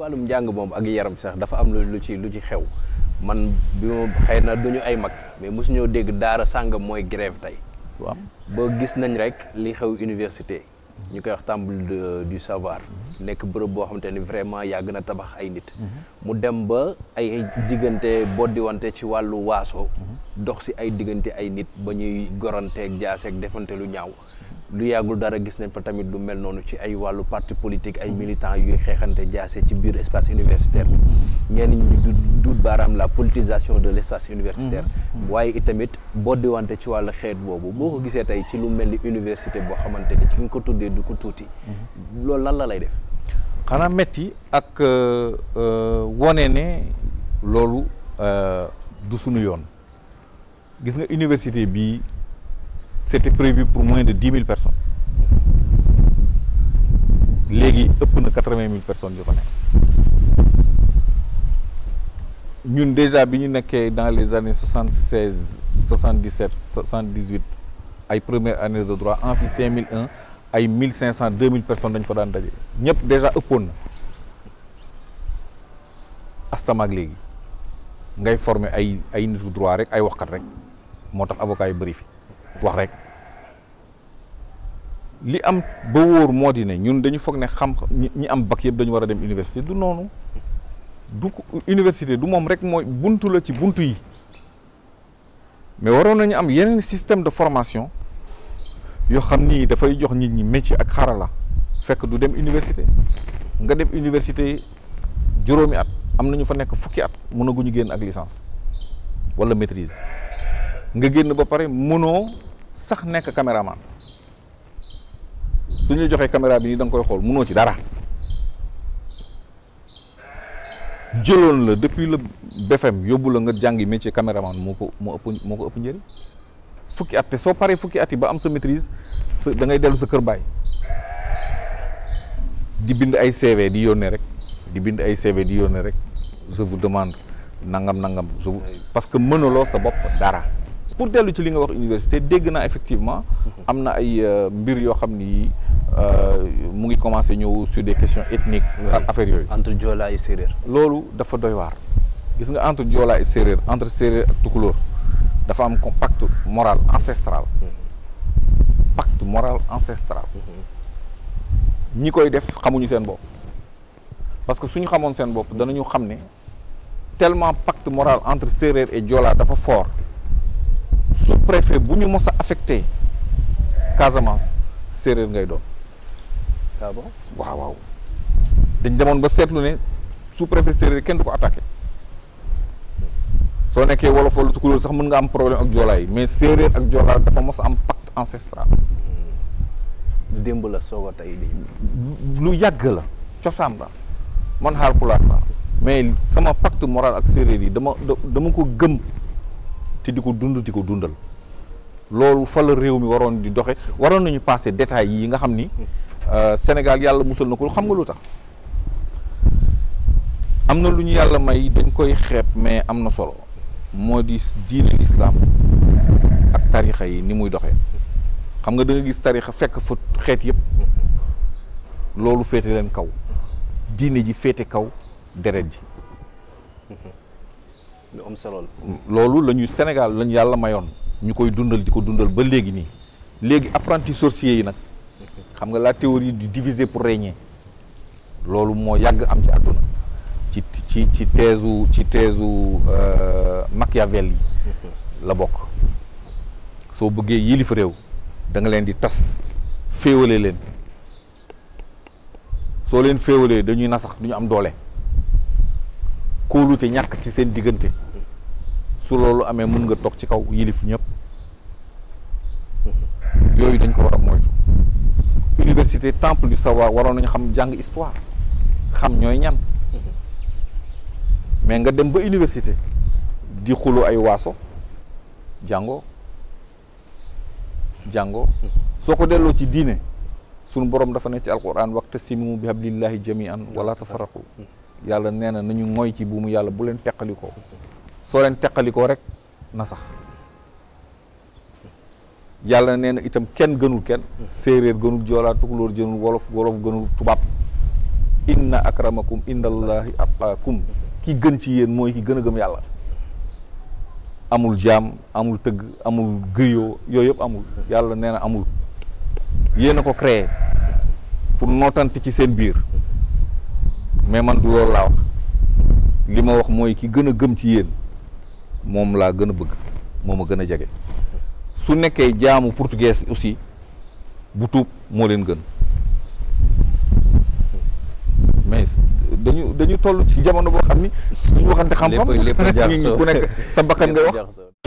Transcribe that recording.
wàllum njàng moom ak yaram sax dafa am lu ci lu ci xew man bi ma xëy na duñu ay mag mais mosu ñoo dégg daara sàngam mooy grève tey. waaw ba gis nañ rek li xew université. ñu koy wax temple du savoir nekk bërëb boo xamante ni vraiment yàgg na tabax ay nit mhm. mu dem ba ay diggante boddiwante ci wàllu waaso mhm. dox si ay diggante ay nit ba ñuy goranteeg jaaseeg defante lu ñaaw lu yàggul dara gis nañ fa tamit lu mel noonu ci ay wàllu parti politique ay militants yuy xeexante jaase ci biir espace universitaire bi ñenn ñi du duut baaraam la politisation de l' espace universitaire mm-hmm. Mm-hmm. waaye tamit boo boddiwante ci wàllu xeet boobu boo ko gisee tey ci lu mel ni université boo xamante ni ki nga ko tuddee du ko tuuti mm-hmm. loolu lan la lay def xanaa metti ak euh, euh, wone ne loolu euh, du sunu yoon gis nga université bii c'était prévu pour moins de dix mille personnes léegi ëpp na quatre-vingt mille personnes yu fa nekk ñun déjà bi ñu nekkee dans les années soixante-seize soixante-dix-sept soixante-dix-huit ay première année de droit amphi cinq mille un ay mille cinq cent deux mille personnes dañ fa daan daje ñëpp déjà ëppoon na astamaak léegi ngay former ay ay nitu droit rek ay waxkat rek moo tax avocat yu bëri fi wax rek li am ba wóor moo di ne ñun dañu foog ne xam ñi am bac yëpp dañu war a dem université du noonu du université du moom rek mooy buntu la ci bunt yi mais waroon nañu am yeneen système de formation yoo xam nii dafay jox nit ñi métier ak xarala fekk du dem université nga dem université juróomi at am nañu fa nekk fukki at mënaguñu génn ak licence wala maitrise nga génn ba pare mënoo sax nekk caméraman suñu la joxee caméra bi nii da koy xool mënoo ci dara jëloon la depuis la BFM yóbbu la nga jàngi métier caméraman moo ko moo ëpp moo ëpp njëriñ fukki at te soo paree fukki at yi ba am sa maîtrise dangay dellu sa kër baay di bind ay CV di yónnee rek di bind ay CV di yónnee rek je demande nangam nangam je vous parce que mënaloo sa bopp dara. pour dellu ci li nga wax université dégg naa effectivement am na ay euh, mbir yoo xam ni Euh, mu ngi commencé ñëw sur des questions ethniques ak affaire yooyu entre Joola et séeréer loolu dafa doy waar gis nga entre Joola et séeréer entre séeréer ak tukulóor dafa am pacte moral ancestral mm-hmm. pacte moral ancestral mm-hmm. ñi koy def xamuñu seen bopp parce que suñu xamoon seen bopp danañu xam ne tellement pacte moral entre séeréer et jola dafa fort sous-préfet bu ñu mos a affecté Casamance séeréer ngay doon ah bon waaw waaw dañ demoon ba seetlu ne su préfet séeréer kenn du ko attaqué soo nekkee wolof wala tukulóor sax mën nga am problème ak joolaa yi mais séeréer ak joolaa dafa mos am pacte ancestral. Hmm. démb la soog a tey lu yàgg la cosaan la man Haalpulaar la mais sama pacte moral ak séeréer yi dama dama ko gëm te di ko dund di ko dundal loolu fa la réew mi waroon di doxe waroon nañu passé détails yi nga xam ni hmm. Euh, Sénégal yàlla musal na ko xam nga lu tax am na lu ñu yàlla may dañ koy xeeb mais am na solo moo di diine lislaam ak tarixa yi ni muy doxee xam nga da gis tarixa fekk fa xeet yëpp loolu féete leen kaw diine ji féete kaw deret ji am solo loolu lañuy Sénégal la yàlla mayoon ñu koy dundal di ko dundal ba léegi nii léegi apprenti sorcier yi nag xam nga la théorie du diviser pour régner loolu moo yàgg am ci àdduna ci ci ci teesu ci teesu euh, Machiavel yi la bokk soo bëggee yilif réew danga leen di tas féewale leen soo leen féewalee dañuy nasax du am doole kóolute ñàkk ci seen diggante su loolu amee mën nga toog ci kaw yilif ñëpp yooyu dañ ko war a moytu université temple du savoir waroon nañu xam jàng histoire xam ñooy ñan mm-hmm. mais nga dem ba université di xulu ay waaso jàngo jàngo mm-hmm. soo ko delloo ci diine sunu borom dafa ne ci alquran waqtasimu bi hablillahi jami'an wala tafarraqu mm-hmm. yàlla nee na nañu mooy ci buumu yàlla bu leen teqalikoo soo leen teqalikoo rek na sax yàlla nee na itam kenn gënul kenn séeréer gënul joolaa tukulóor gënul wolof wolof gënul tubaab inna akramakum indallahi atqaakum ki gën ci yéen mooy ki gën a gëm yàlla amul jaam amul tëgg amul griyo yooyu yëpp amul yàlla nee na amul yéen a ko créé pour nootante ci seen biir mais man du loolu laa wax li ma wax mooy ki gën a gëm ci yéen moom laa gën a bëgg moom a gën a jege su nekkee jaamu portugais aussi bu tuub moo leen gën mais dañu dañu toll ci jamono boo xam ni ñu waxante xam-xam lépp ku nekk sa bakkan ngay wax